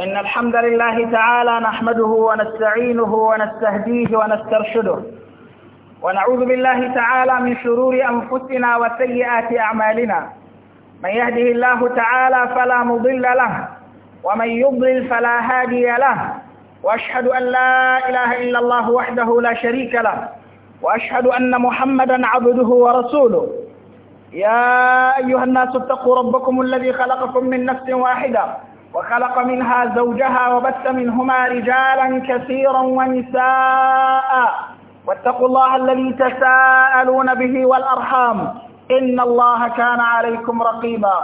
إن الحمد لله تعالى نحمده ونستعينه ونستهديه ونسترشده ونعوذ بالله تعالى من شرور أنفسنا وسيئات أعمالنا من يهده الله تعالى فلا مضل له ومن يضلل فلا هادي له وأشهد أن لا إله إلا الله وحده لا شريك له وأشهد أن محمدا عبده ورسوله يا أيها الناس اتقوا ربكم الذي خلقكم من نفس واحدة وخلق منها زوجها وبث منهما رجالا كثيرا ونساء واتقوا الله الذي تساءلون به والأرحام إن الله كان عليكم رقيبا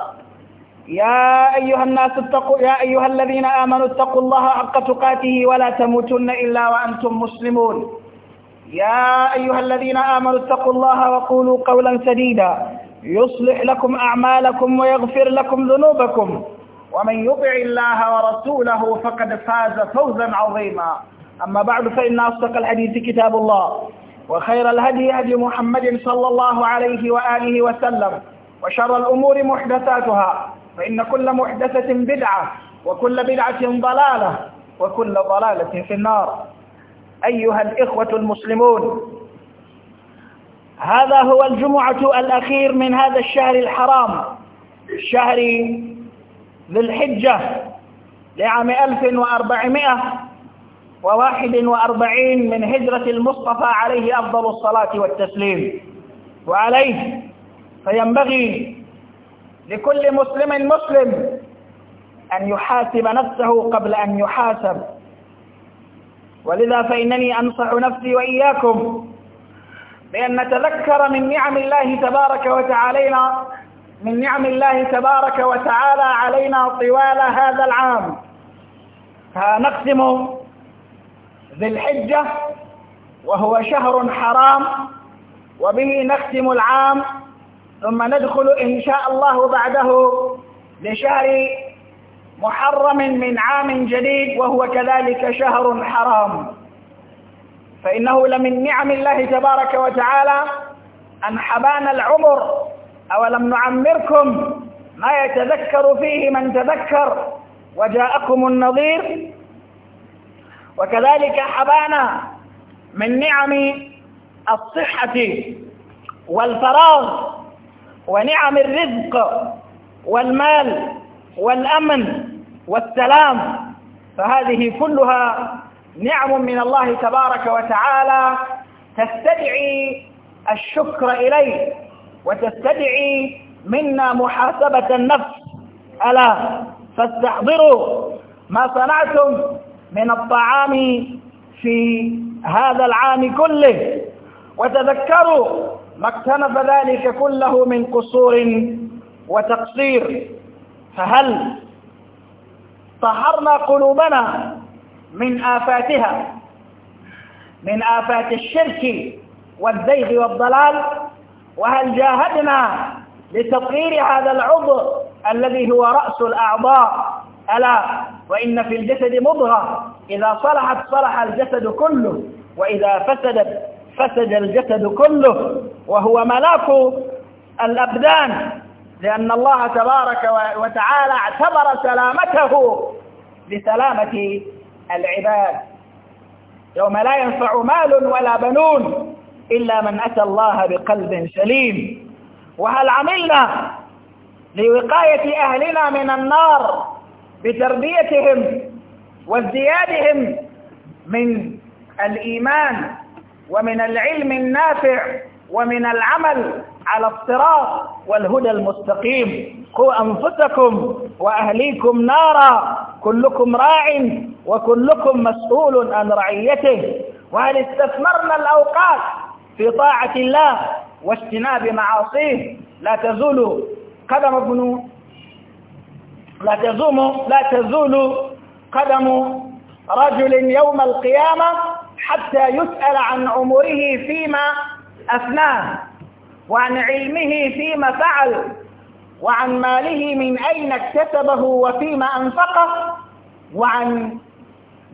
يا أيها الناس اتقوا يا أيها الذين آمنوا اتقوا الله حق تقاته ولا تموتن إلا وأنتم مسلمون يا أيها الذين آمنوا اتقوا الله وقولوا قولا سديدا يصلح لكم أعمالكم ويغفر لكم ذنوبكم ومن يطع الله ورسوله فقد فاز فوزا عظيما أما بعد فإن أصدق الحديث كتاب الله وخير الهدي هدي محمد صلى الله عليه وآله وسلم وشر الأمور محدثاتها فإن كل محدثة بدعة وكل بدعة ضلالة وكل ضلالة في النار أيها الإخوة المسلمون هذا هو الجمعة الأخير من هذا الشهر الحرام شهر ذي الحجة لعام 1441 وواحد وأربعين من هجرة المصطفى عليه أفضل الصلاة والتسليم وعليه فينبغي لكل مسلم مسلم أن يحاسب نفسه قبل أن يحاسب ولذا فإنني أنصح نفسي وإياكم بأن نتذكر من نعم الله تبارك وتعالينا من نعم الله تبارك وتعالى علينا طوال هذا العام فنقسم ذي الحجة وهو شهر حرام وبه نختم العام ثم ندخل إن شاء الله بعده لشهر محرم من عام جديد وهو كذلك شهر حرام فإنه لمن نعم الله تبارك وتعالى أن حبانا العمر أولم نعمركم ما يتذكر فيه من تذكر وجاءكم النظير وكذلك حبانا من نعم الصحة والفراغ ونعم الرزق والمال والأمن والسلام فهذه كلها نعم من الله تبارك وتعالى تستدعي الشكر إليه وتستدعي منا محاسبة النفس ألا فاستحضروا ما صنعتم من الطعام في هذا العام كله وتذكروا ما اكتنف ذلك كله من قصور وتقصير فهل طهرنا قلوبنا من آفاتها من آفات الشرك والزيغ والضلال وهل جاهدنا لتطهير هذا العضو الذي هو رأس الأعضاء ألا وإن في الجسد مضغة إذا صلحت صلح الجسد كله وإذا فسدت فسد الجسد كله وهو ملاك الأبدان لأن الله تبارك وتعالى اعتبر سلامته لسلامة العباد يوم لا ينفع مال ولا بنون إلا من أتى الله بقلب سليم وهل عملنا لوقاية أهلنا من النار بتربيتهم وازديادهم من الإيمان ومن العلم النافع ومن العمل على الصراط والهدى المستقيم قوا أنفسكم وأهليكم نارا كلكم راع وكلكم مسؤول عن رعيته وهل استثمرنا الأوقات في طاعة الله واجتناب معاصيه لا تزول قدم ابن لا تزوم لا تزول قدم رجل يوم القيامة حتى يسأل عن عمره فيما أفناه وعن علمه فيما فعل وعن ماله من أين اكتسبه وفيما أنفقه وعن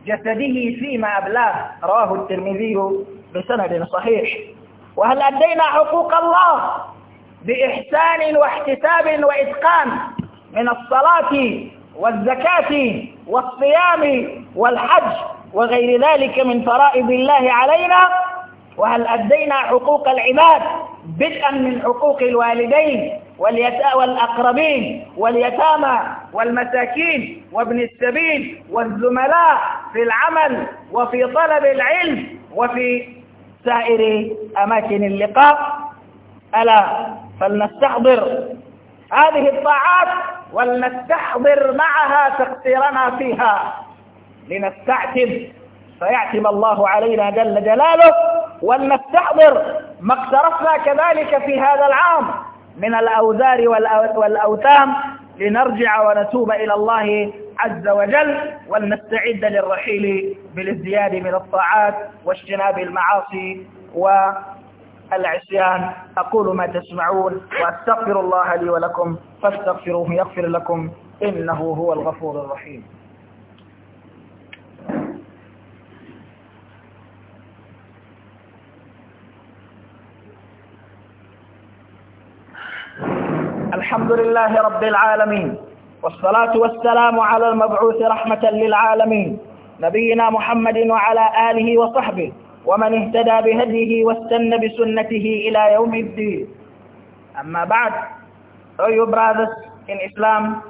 جسده فيما أبلاه رواه الترمذي بسند صحيح وهل أدينا حقوق الله بإحسان واحتساب وإتقان من الصلاة والزكاة والصيام والحج وغير ذلك من فرائض الله علينا وهل أدينا حقوق العباد بدءا من حقوق الوالدين والأقربين واليتامى والمساكين وابن السبيل والزملاء في العمل وفي طلب العلم وفي سائر أماكن اللقاء ألا فلنستحضر هذه الطاعات ولنستحضر معها تقصيرنا فيها لنستعتب فيعتب الله علينا جل جلاله ولنستحضر ما اقترفنا كذلك في هذا العام من الأوزار والأوتام لنرجع ونتوب إلى الله عز وجل ولنستعد للرحيل بالازدياد من الطاعات واجتناب المعاصي والعصيان أقول ما تسمعون وأستغفر الله لي ولكم فاستغفروه يغفر لكم إنه هو الغفور الرحيم الحمد لله رب العالمين والصلاة والسلام على المبعوث رحمة للعالمين نبينا محمد وعلى آله وصحبه ومن اهتدى بهديه واستنى بسنته إلى يوم الدين أما بعد Oh you brothers in Islam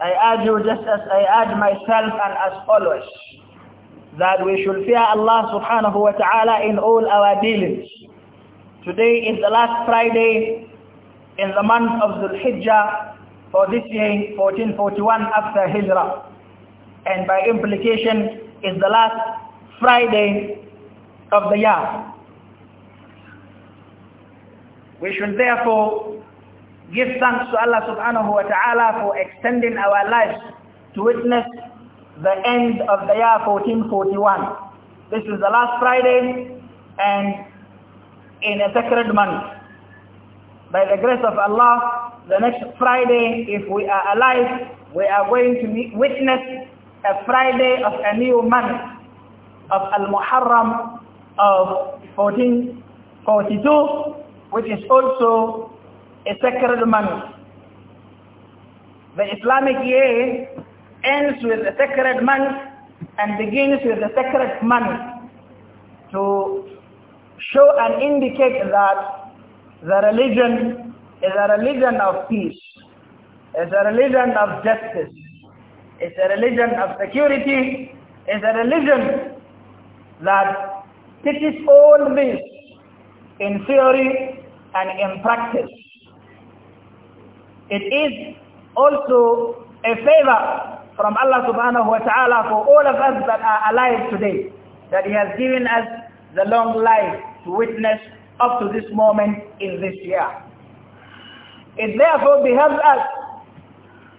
I urge you just as I urge myself and as follows that we should fear Allah subhanahu wa ta'ala in all our dealings Today is the last Friday in the month of Dhul Hijjah for this year 1441 after Hijrah and by implication is the last Friday of the year. We should therefore give thanks to Allah subhanahu wa ta'ala for extending our lives to witness the end of the year 1441. This is the last Friday and in a sacred month. By the grace of Allah, the next Friday, if we are alive, we are going to witness a Friday of a new month of Al-Muharram of 1442, which is also a sacred month. The Islamic year ends with a sacred month and begins with a sacred month to show and indicate that the religion is a religion of peace, is a religion of justice, is a religion of security, is a religion that teaches all this in theory and in practice. It is also a favor from Allah subhanahu wa ta'ala for all of us that are alive today, that He has given us the long life to witness up to this moment in this year. It therefore behoves us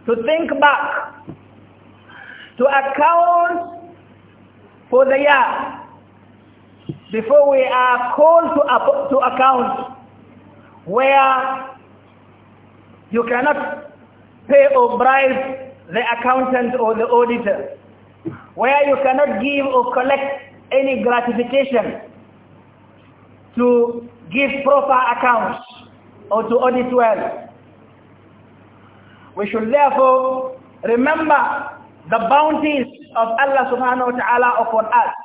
to think back, to account for the year before we are called to, to account where you cannot pay or bribe the accountant or the auditor, where you cannot give or collect any gratification to give proper accounts or to audit well. We should therefore remember the bounties of Allah subhanahu wa ta'ala upon us.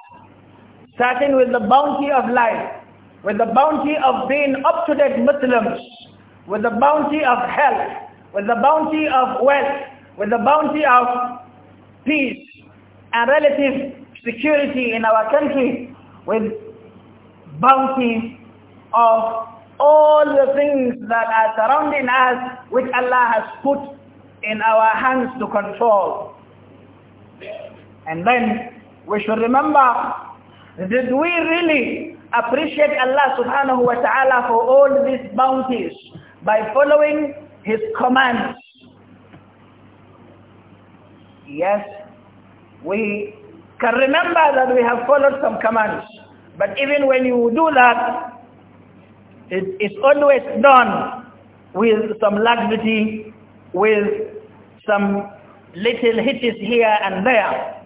Starting with the bounty of life, with the bounty of being up-to-date Muslims, with the bounty of health, with the bounty of wealth, with the bounty of peace and relative security in our country, with bounty of all the things that are surrounding us which Allah has put in our hands to control. And then we should remember, did we really appreciate Allah subhanahu wa ta'ala for all these bounties by following his commands? Yes, we can remember that we have followed some commands. But even when you do that, it is always done with some laxity, with some little hitches here and there?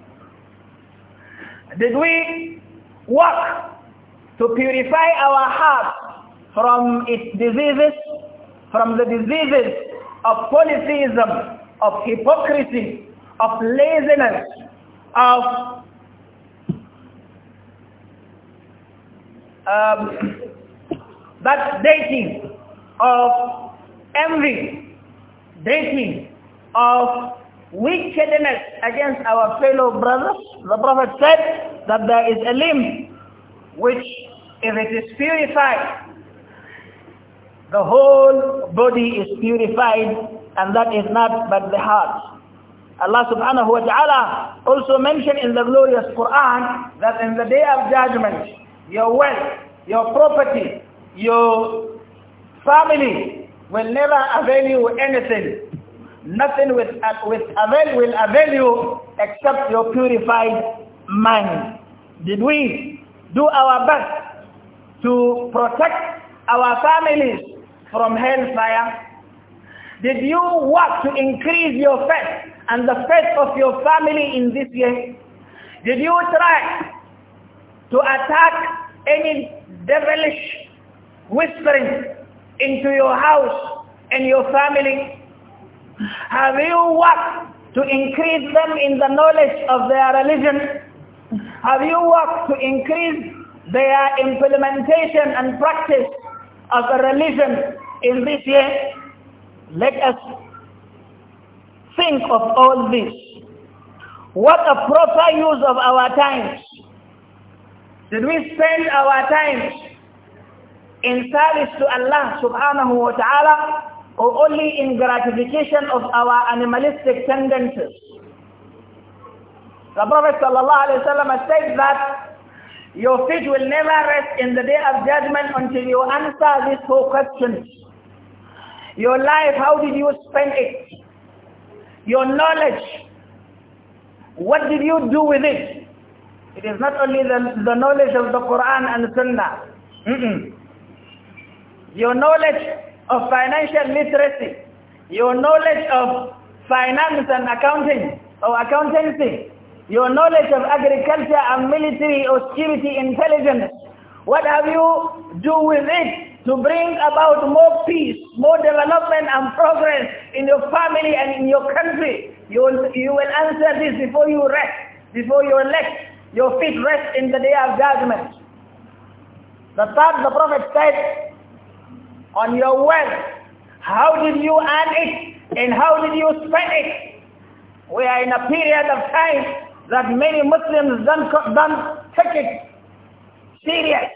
Did we work to purify our heart from its diseases, from the diseases of polytheism, of hypocrisy, of laziness, of um, that dating, of envy, dating, of wickedness against our fellow brothers, the Prophet said that there is a limb which if it is purified, the whole body is purified and that is not but the heart. Allah subhanahu wa ta'ala also mentioned in the glorious Quran that in the day of judgment, your wealth, your property, your family will never avail you anything Nothing with, uh, with avail, will avail you except your purified mind. Did we do our best to protect our families from hellfire? Did you work to increase your faith and the faith of your family in this year? Did you try to attack any devilish whispering into your house and your family? Have you worked to increase them in the knowledge of their religion? Have you worked to increase their implementation and practice of the religion in this year? Let us think of all this. What a proper use of our time. Did we spend our time in service to Allah subhanahu wa ta'ala or only in gratification of our animalistic tendencies. The Prophet ﷺ said that your feet will never rest in the day of judgment until you answer these four questions. Your life, how did you spend it? Your knowledge, what did you do with it? It is not only the, the knowledge of the Quran and Sunnah. Mm -mm. Your knowledge of financial literacy, your knowledge of finance and accounting or accountancy, your knowledge of agriculture and military or security intelligence. What have you do with it to bring about more peace, more development and progress in your family and in your country? You will, you will answer this before you rest, before you left Your feet rest in the day of judgment. The third, the Prophet said, on your wealth. How did you earn it and how did you spend it? We are in a period of time that many Muslims don't, don't take it serious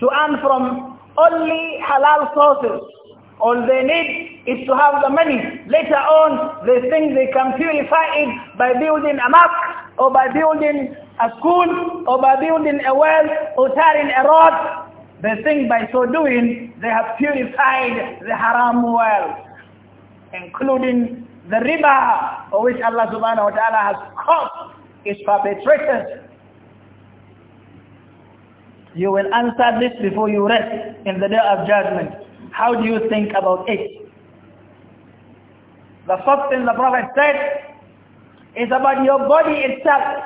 to earn from only halal sources. All they need is to have the money. Later on, they think they can purify it by building a mosque or by building a school or by building a well or tearing a road they think by so doing, they have purified the haram world, including the riba, for which Allah subhanahu wa ta'ala has caused its perpetrators. You will answer this before you rest in the day of judgment. How do you think about it? The first thing the Prophet said is about your body itself.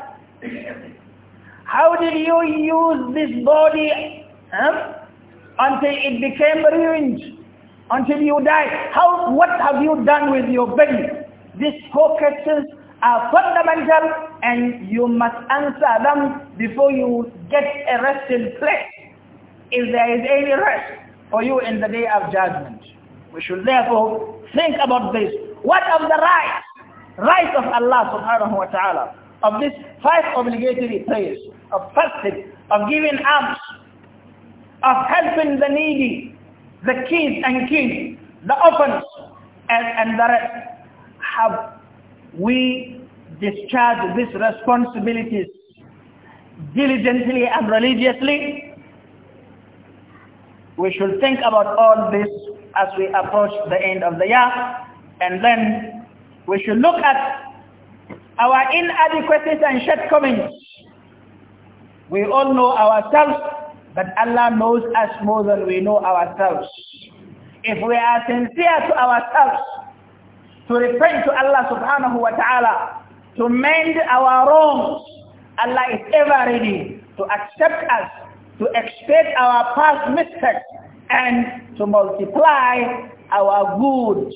How did you use this body until it became ruined. Until you die. How, what have you done with your body? These four questions are fundamental and you must answer them before you get a resting place. If there is any rest for you in the day of judgment. We should therefore think about this. What of the rights? Rights of Allah subhanahu wa ta'ala. Of these five obligatory prayers. Of fasting. Of giving alms of helping the needy, the kids and kids, the orphans, and, and the rest. Have we discharged these responsibilities diligently and religiously? We should think about all this as we approach the end of the year and then we should look at our inadequacies and shortcomings. We all know ourselves that Allah knows us more than we know ourselves. If we are sincere to ourselves, to repent to Allah subhanahu wa ta'ala, to mend our wrongs, Allah is ever ready to accept us, to expiate our past mistakes, and to multiply our goods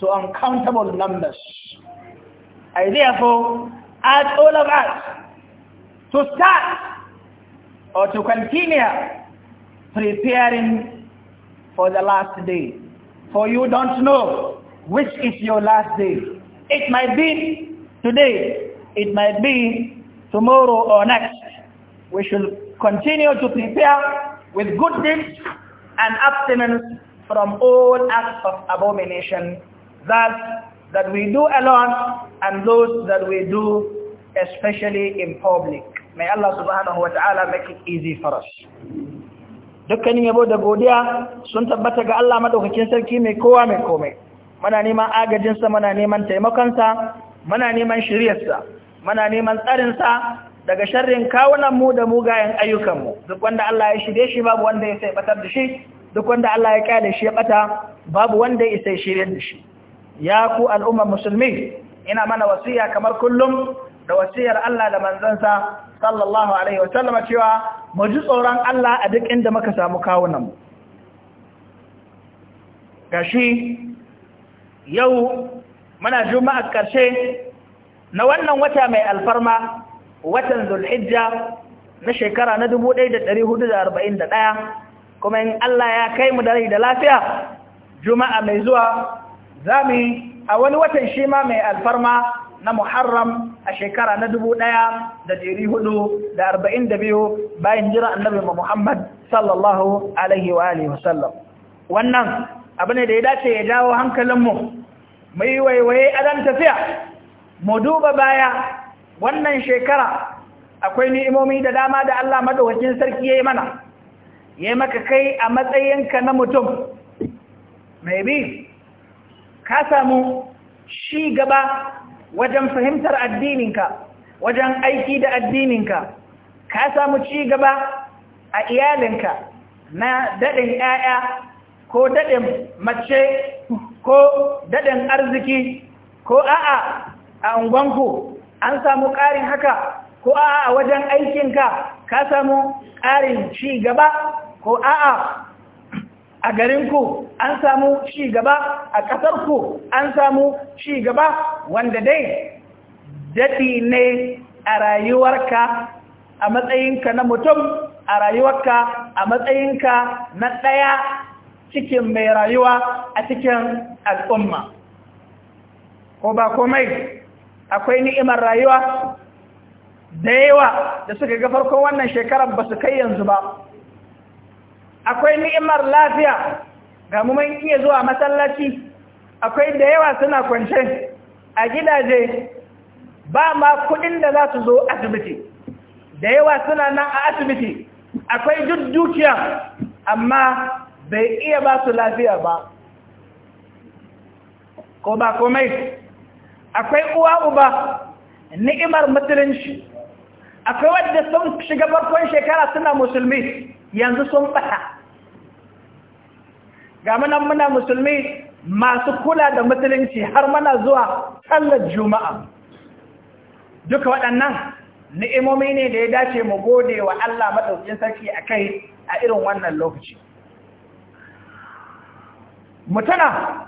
to uncountable numbers. I therefore urge all of us to start or to continue preparing for the last day. For you don't know which is your last day. It might be today, it might be tomorrow or next. We should continue to prepare with good deeds and abstinence from all acts of abomination, that that we do alone and those that we do especially in public. mai Allah subhanahu wata'ala make easy for us dukkanin yabo da godiya sun tabbata ga Allah madaukakin sarki mai kowa mai komai muna neman agajinsa muna neman taimakonsa muna neman shiryarsa muna neman tsarin sa daga sharrin kawunan mu da mugayen ayyukanmu duk wanda Allah ya shirye shi babu wanda ya sai batar da shi duk wanda Allah ya kyale shi ya bata babu wanda ya sai shirye da shi ya ku al'ummar musulmi ina mana wasiya kamar kullum da wasiyar Allah da manzansa sallallahu alaihi wasallam cewa mu ji tsoron Allah a duk inda muka samu kawunan mu gashi yau muna Juma'a karshe na wannan wata mai alfarma watan zulhijja na shekara na 1441 kuma in Allah ya kai mu da da lafiya juma'a mai zuwa zamu a wani watan shi ma mai alfarma na muharram a shekara na dubu ɗaya da ɗari hudu da arba'in da biyu bayan jira annabi Muhammad sallallahu alaihi wa Alaihi wasallam wannan abu ne da ya dace ya jawo hankalinmu mu yi waiwaye a dan tafiya mu duba baya wannan shekara akwai ni'imomi da dama da Allah madawacin sarki ya yi mana ya maka kai a matsayinka na mutum mai bi ka samu shi gaba wajen fahimtar addininka wajen aiki da addininka ka samu ci gaba a iyalinka na daɗin 'ya'ya ko daɗin mace ko daɗin arziki ko a'a a unguwanku an samu ƙarin haka ko a'a a wajen aikinka ka samu ƙarin ci gaba ko a'a a garin ku an samu ci gaba a ƙasarku an samu ci gaba wanda dai daɗi ne a rayuwarka a matsayinka na mutum a rayuwarka a matsayinka na ɗaya cikin mai rayuwa a cikin al'umma ko ba komai akwai ni'imar rayuwa da yawa da suka ga farkon wannan shekarar ba su kai yanzu ba akwai ni'imar lafiya ga mu mai iya zuwa masallaci akwai da yawa suna kwance a gidaje ba ma kudin da za su zo asibiti da yawa suna nan a asibiti akwai duk dukiya amma bai iya ba su lafiya ba ko ba komai akwai uwa uba ni'imar musulunci akwai wadda sun shiga farkon shekara suna musulmi yanzu sun bata ga munan muna musulmi masu kula da musulunci har mana zuwa sallar juma'a duka waɗannan ni'imomi ne da ya dace mu gode wa Allah maɗaukin sarki a kai a irin wannan lokaci mutuna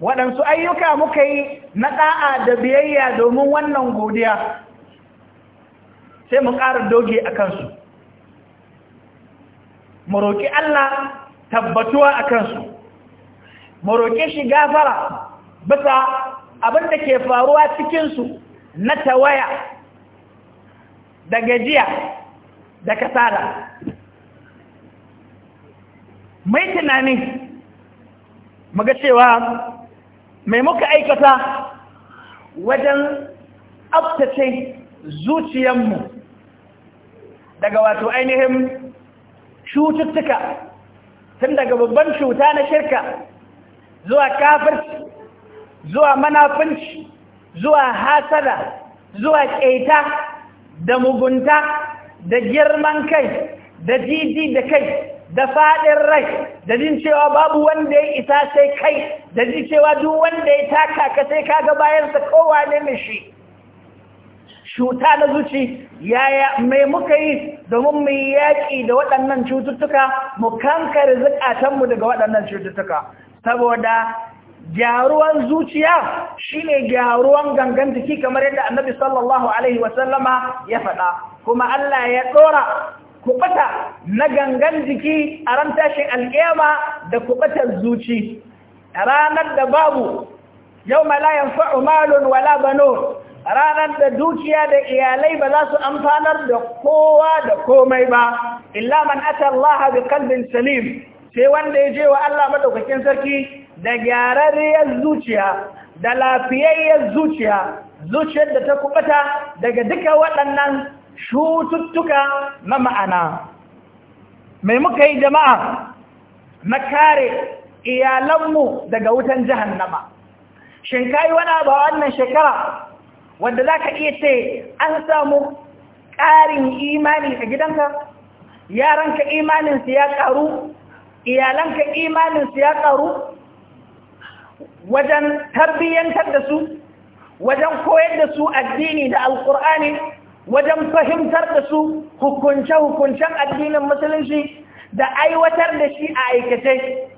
waɗansu ayyuka muka yi na ɗa'a da biyayya domin wannan godiya sai mu ƙara doge a kansu mu roƙi Allah tabbatuwa a kansu mu roƙe shi gafara bisa abin da ke faruwa cikinsu na tawaya da gajiya da kasada mai tunani muga cewa mai muka aikata wajen tsaftace zuciyarmu daga wato ainihin cututtuka tun daga babban cuta na shirka zuwa kafirci zuwa manafinci zuwa hasada zuwa ƙeta da mugunta da girman kai da jiji da kai da faɗin rai da jin cewa babu wanda ya isa sai kai da jin cewa duk wanda ya taka ka sai kaga bayansa kowa ne mishi cuta na zuci yaya mai muka yi domin mu yi yaƙi da waɗannan cututtuka mu kankare zukatanmu daga waɗannan cututtuka saboda gyaruwan zuciya shine gyaruwan gangan jiki kamar yadda annabi sallallahu alaihi wasallama ya faɗa kuma Allah ya ɗora kubata na gangan jiki a ran tashin alƙiyama da kubatar zuci ranar da babu yau malayan fa'umalun wala banun ranar da dukiya da iyalai ba za su amfanar da kowa da komai ba illa man ata Allah bi kalbin salim sai wanda ya je wa Allah madaukakin sarki da gyararriyar zuciya da lafiyayyar zuciya zuciyar da ta kubata daga duka waɗannan shututtuka na ma'ana mai muka yi jama'a na kare iyalanmu daga wutan jahannama shin kai wani ba wannan shekara wanda za ka iya ce an samu ƙarin imani a gidanka yaranka imaninsu ya ƙaru iyalanka imaninsu ya ƙaru wajen tarbiyyantar da su wajen koyar da su addini da alƙur'ani wajen fahimtar da su hukunce-hukuncen addinin musulunci da aiwatar da shi a aikace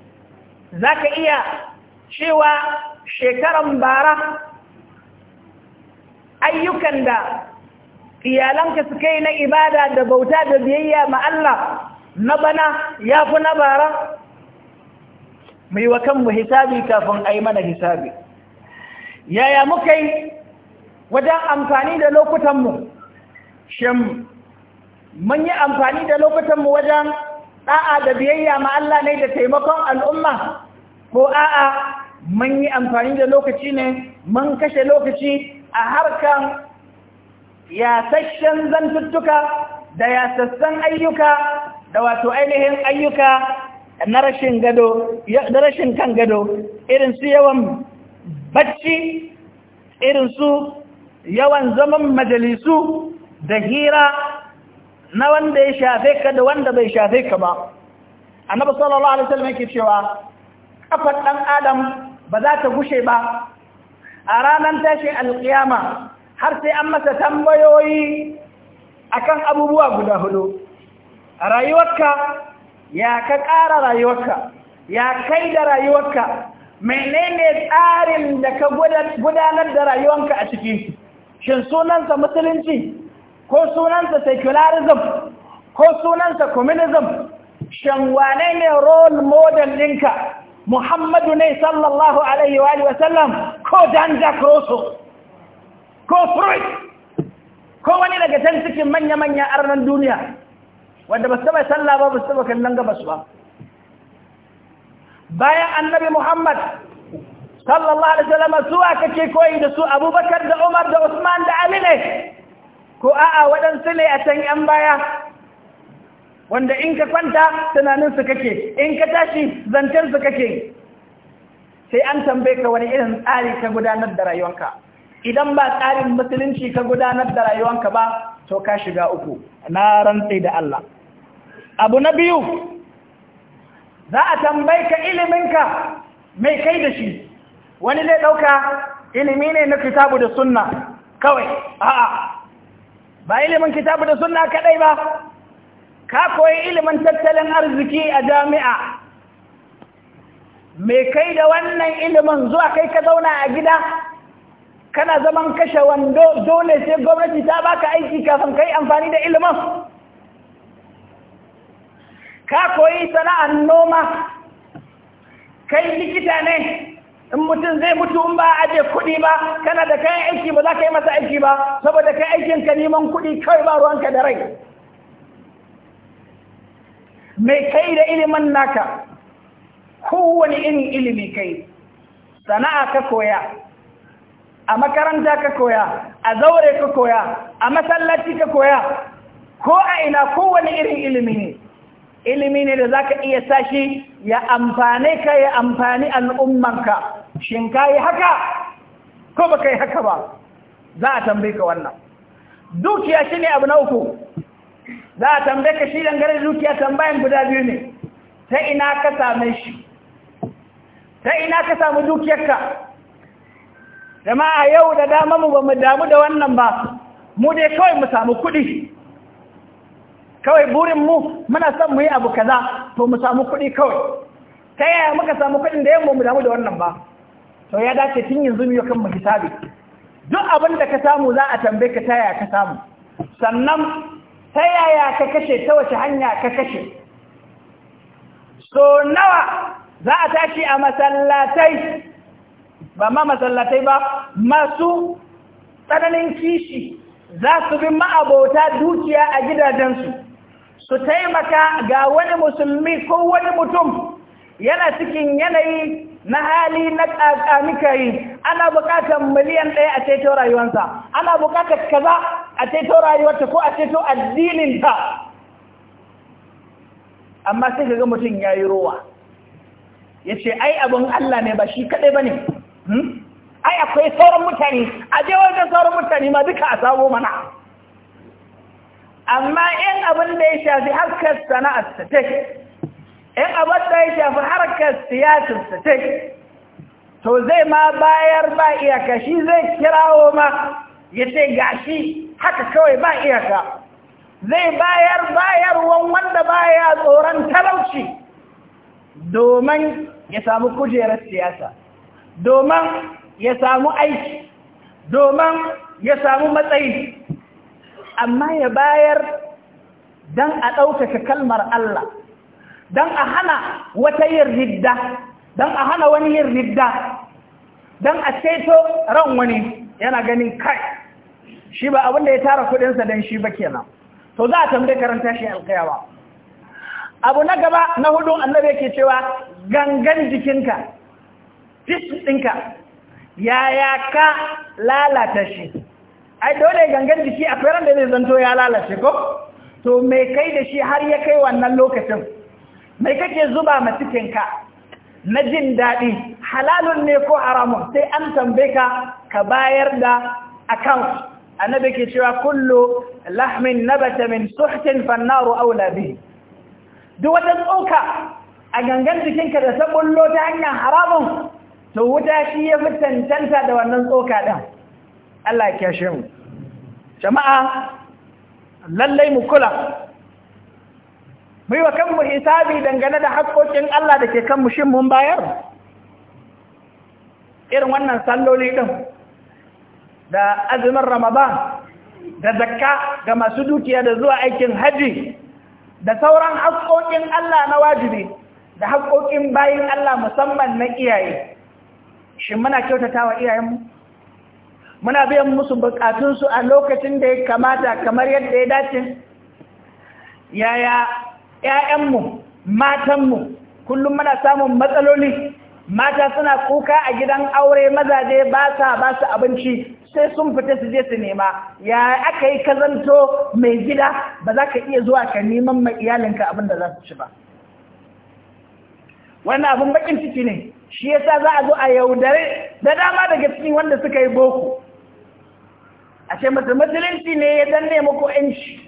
za ka iya cewa shekaran bara ayyukan da iyalanka suka yi na ibada da bauta da biyayya ma Allah na bana ya fi na bara mai wa kanmu hisabi kafin a yi mana hisabi yaya muka yi wajen amfani da lokutanmu shin mun yi amfani da lokutanmu wajen ɗa'a da biyayya ma Allah ne da taimakon al'umma ko a'a mun yi amfani da lokaci ne mun kashe lokaci a harkan yasashen zantuttuka da yasassan ayyuka da wato ainihin ayyuka na rashin gado da rashin kan gado irin su yawan bacci irin su yawan zaman majalisu da hira na wanda ya shafe ka da wanda bai shafe ka ba annabi sallallahu alaihi wasallam yake cewa kafar dan adam ba za ta gushe ba a ranar tashin alƙiyama har sai an masa tambayoyi akan abubuwa guda hudu a rayuwarka ya ka ƙara rayuwarka ya kai da rayuwarka menene tsarin da ka gudanar da rayuwarka a ciki shin sunansa musulunci ko sunansa secularism ko sunansa communism shan wane ne role model ɗinka muhammadu ne sallallahu alaihi wa sallam ko danja kroso ko freud ko wani daga can cikin manya-manya arnan duniya wanda ba su taba sallah ba ba su taba kallon gabas ba bayan annabi muhammad sallallahu alaihi wasallam su aka kake koyi da su abubakar da umar da usman da ali ne ko a'a waɗansu ne a can yan baya wanda in ka kwanta tunaninsu kake in ka tashi zancensu kake sai an tambaye ka wani irin tsari ka gudanar da rayuwanka idan ba tsarin musulunci ka gudanar da rayuwanka ba to ka shiga uku na rantsai da Allah abu na biyu za a tambaye ka iliminka mai kai da shi wani zai ɗauka ilimi ne na kitabu da sunna kawai a'a ba ilimin kitabu da sunna kaɗai ba ka koyi ilimin tattalin arziki a jami'a mai kai da wannan ilimin zuwa kai ka zauna a gida kana zaman kashe wando dole sai gwamnati ta baka aiki kafin kai amfani da ilimin ka koyi sana'ar noma kai likita ne in mutum zai mutu in ba aje kuɗi ba kana da kayan aiki ba za ka yi masa aiki ba saboda kai aikin ka neman kuɗi kawai ba ruwanka da rai mai kai da ilimin naka kowane irin ilimi kai sana'a ka koya a makaranta ka koya a zaure ka koya a masallaci ka koya ko a ina kowane irin ilimi ne ilimi ne da za ka iya sashi ya amfane ka ya amfani al'ummanka shin ka yi haka ko ba ka yi haka ba za a tambaye ka wannan dukiya shi ne abu na uku za a tambe ka shi dangane da dukiya tambayan guda biyu ne ta ina ka same shi ta ina ka samu dukiyarka a yau da dama mu ba mu damu da wannan ba mu dai kawai mu samu kuɗi kawai burinmu muna son mu yi abu kaza to mu samu kuɗi kawai ta yaya muka samu kuɗin da yamma mu damu da wannan ba to ya dace tun yanzu mu yi kan mu hisabi duk abin da ka samu za a tambaye ka ta yaya ka samu sannan ta yaya ka kashe ta wace hanya ka kashe so nawa za a tashi a masallatai ba ma masallatai ba masu tsananin kishi za su bi ma'abota dukiya a gidajensu su taimaka ga wani musulmi ko wani mutum yana cikin yanayi na hali na ƙaƙa yi ana buƙatar miliyan ɗaya a ceto rayuwansa ana buƙatar kaza a ceto rayuwarta ko a ceto addininta amma sai ga mutum ya yi rowa ya ce ai abin Allah ne ba shi kaɗai ba ne hmm? ai akwai sauran mutane a je wajen sauran mutane ma duka a sabo mana amma in abin da ya shafi harkar sana'ar ta ce in abin da ya shafi harkar siyasar ta ce to zai ma bayar ba iyaka shi zai kirawo ma ya ce gashi haka kawai ba iyaka zai bayar bayarwan wanda baya tsoron talauci domin ya samu kujerar siyasa domin ya samu aiki domin ya samu matsayi amma ya bayar don a ɗaukaka kalmar Allah don a hana wata yin ridda don a hana wani yin ridda don a ceto ran wani yana ganin kai shi ba abinda ya tara kudinsa don shi ba ke nan. to za a tambayi karanta shi alkayawa abu na gaba na hudu annabi ke cewa gangan jikinka fis ɗinka yaya ka lalata shi ai dole gangan jiki a ran da zai zanto ya lalace ko to mai kai da shi har ya kai wannan lokacin mai kake zuba ma cikinka na jin daɗi halalun ne ko haramun sai an tambaye ka ka bayar da account annabi ke cewa kullu lahmin nabata min suhtin fannaru aula bihi duk wata tsoka a gangan jikinka da ta bullo ta hanyar haramun to wuta shi ya fi tantanta da wannan tsoka din Allah ya kashe mu jama'a lallai mu kula mu yi wa kanmu hisabi dangane da haƙoƙin Allah da ke kanmu shin mun bayar irin wannan salloli din. da azumin ramadan da zakka ga masu dukiya da zuwa aikin haji da sauran haƙoƙin Allah na wajibi da haƙoƙin bayin Allah musamman na iyaye shin muna kyautatawa iyayenmu muna biyan musu bukatunsu a lokacin da ya kamata kamar yadda ya dace yaya ‘ya'yanmu matanmu kullum muna samun matsaloli mata suna kuka a gidan aure mazaje ba sa ba su abinci sai sun fita su je su nema ya aka yi kazanto mai gida ba za ka iya zuwa ka neman mai iyalinka abin da za su ci ba wannan abin bakin ciki ne shi yasa za a zo a yaudare da dama daga cikin wanda suka yi boko a ce musulunci ne ya danne muku yanci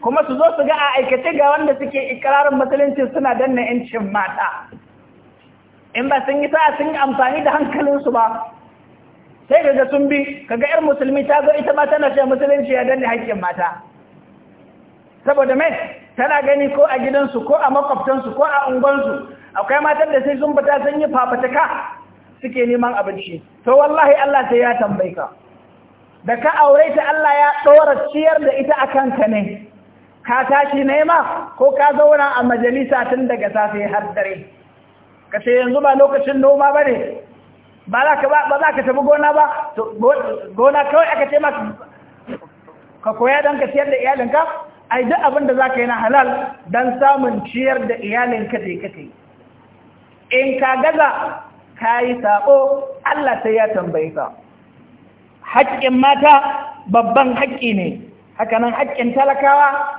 kuma su zo su ga a aikace ga wanda suke ikirarin musulunci suna danna yancin mata in ba sun yi sa'a sun yi amfani da hankalinsu ba sai daga sun bi ga yar musulmi ta zo ita ba tana cewa musulunci ya danne haƙƙin mata saboda mai tana gani ko a gidansu ko a makwabtansu ko a unguwansu akwai matan da sai sun bata sun yi fafataka suke neman abinci to wallahi Allah sai ya tambaye ka da ka aure ta Allah ya ɗora ciyar da ita a kanka ne ka tashi nema ko ka zauna a majalisa tun daga safe har dare ka ce yanzu ba lokacin noma ba ne ba za ka tafi gona ba gona kawai aka ce maka ka koya don ka siyar da iyalinka ai duk abin da za ka yi na halal don samun ciyar da iyalinka da ka kai in ka gaza ka yi saƙo Allah sai ya tambaye ka haƙƙin mata babban haƙƙi ne hakanan haƙƙin talakawa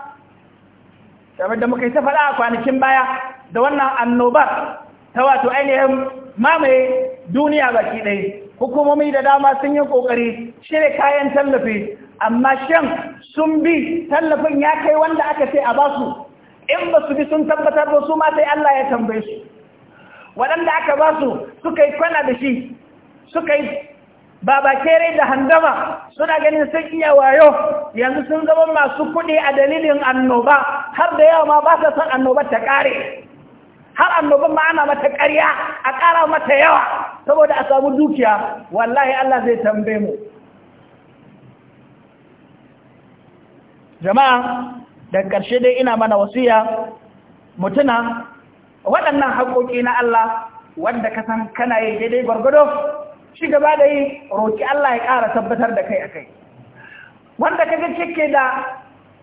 da muka yi ta faɗa a kwanakin baya da wannan annobar ta wato ainihin mamaye duniya baki ɗaya hukumomi da dama sun yi ƙoƙari shirya kayan tallafi amma shan sun bi tallafin ya kai wanda aka ce a ba su in ba su bi sun tabbatar ba su ma sai Allah ya tambaye su waɗanda aka ba su suka yi kwana da shi suka yi babakere da handama suna ganin sun iya wayo yanzu sun zama masu kuɗi a dalilin annoba har da yawa ma ba sa son annobar ta ƙare har annoban ma ana mata ƙarya a ƙara mata yawa saboda a samu dukiya wallahi Allah zai tambaye mu jama'a da ƙarshe dai ina mana wasiya mutuna waɗannan haƙoƙi na Allah wanda ka san kana yi daidai gwargwado shi gaba da yi roƙi Allah ya ƙara tabbatar da kai a kai wanda ka ga cike da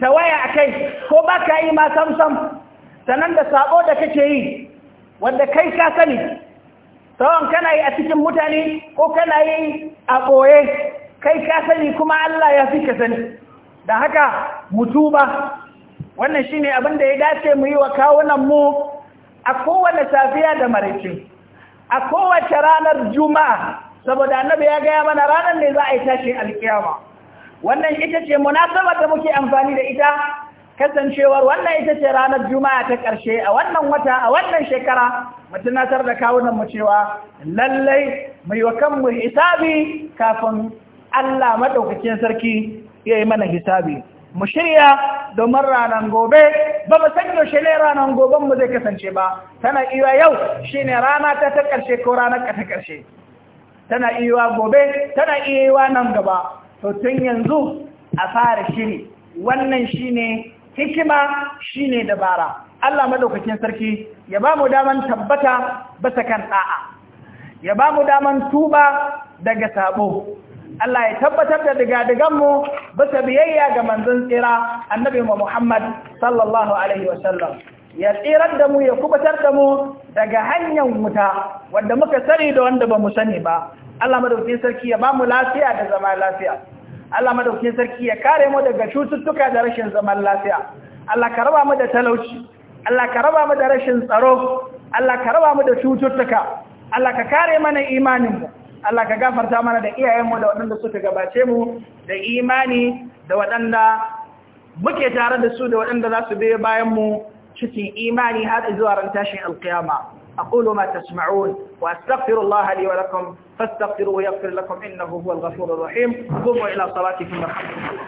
tawaya a kai ko ba ka yi ma samsam sanan da sabo da kake yi wanda kai ka sani tsawon kana yi a cikin mutane ko kana yi a ɓoye kai ka sani kuma Allah ya fi ka sani da haka mutuba wannan shi ne da ya dace mu yi wa kawunan mu a kowane safiya da maraice a kowace ranar juma'a saboda annabi ya gaya mana ranar ne za a yi tashin alkiyama wannan ita ce munasabar da muke amfani da ita kasancewar wannan ita ce ranar juma'a ta ƙarshe a wannan wata a wannan shekara mu tunatar da kawunan mu cewa lallai mu yi wa kanmu hisabi kafin Allah madaukakin sarki ya yi mana hisabi mu shirya domin ranar gobe ba mu san yaushe ne ranar goben mu zai kasance ba tana iya yau shine rana ta ta ƙarshe ko ranar ta ƙarshe tana iya gobe tana iya nan gaba to tun yanzu a fara shiri wannan shine hikima shine dabara Allah madaukakin sarki ya ba mu daman tabbata bata kan ɗa'a, ya ba mu daman tuba daga sabo Allah ya tabbatar da digadigan mu bisa biyayya ga manzon tsira annabi Muhammad sallallahu alaihi wasallam ya tsirar da mu ya kubatar da mu daga hanyar wuta wanda muka sani da wanda ba mu sani ba Allah madaukakin sarki ya ba mu lafiya da zama lafiya Allah madaukin sarki ya kare mu daga cututtuka da rashin zaman lafiya Allah ka raba mu da talauci Allah ka raba mu da rashin tsaro Allah ka raba mu da cututtuka Allah ka kare mana imanin mu Allah ka gafarta mana da iyayen mu da waɗanda suka gabace mu da imani da waɗanda muke tare da su da waɗanda za su biye bayan mu cikin imani har zuwa ran tashin alkiyama أقول ما تسمعون وأستغفر الله لي ولكم فاستغفروه يغفر لكم إنه هو الغفور الرحيم قوموا إلى صلاتكم ورحمة الله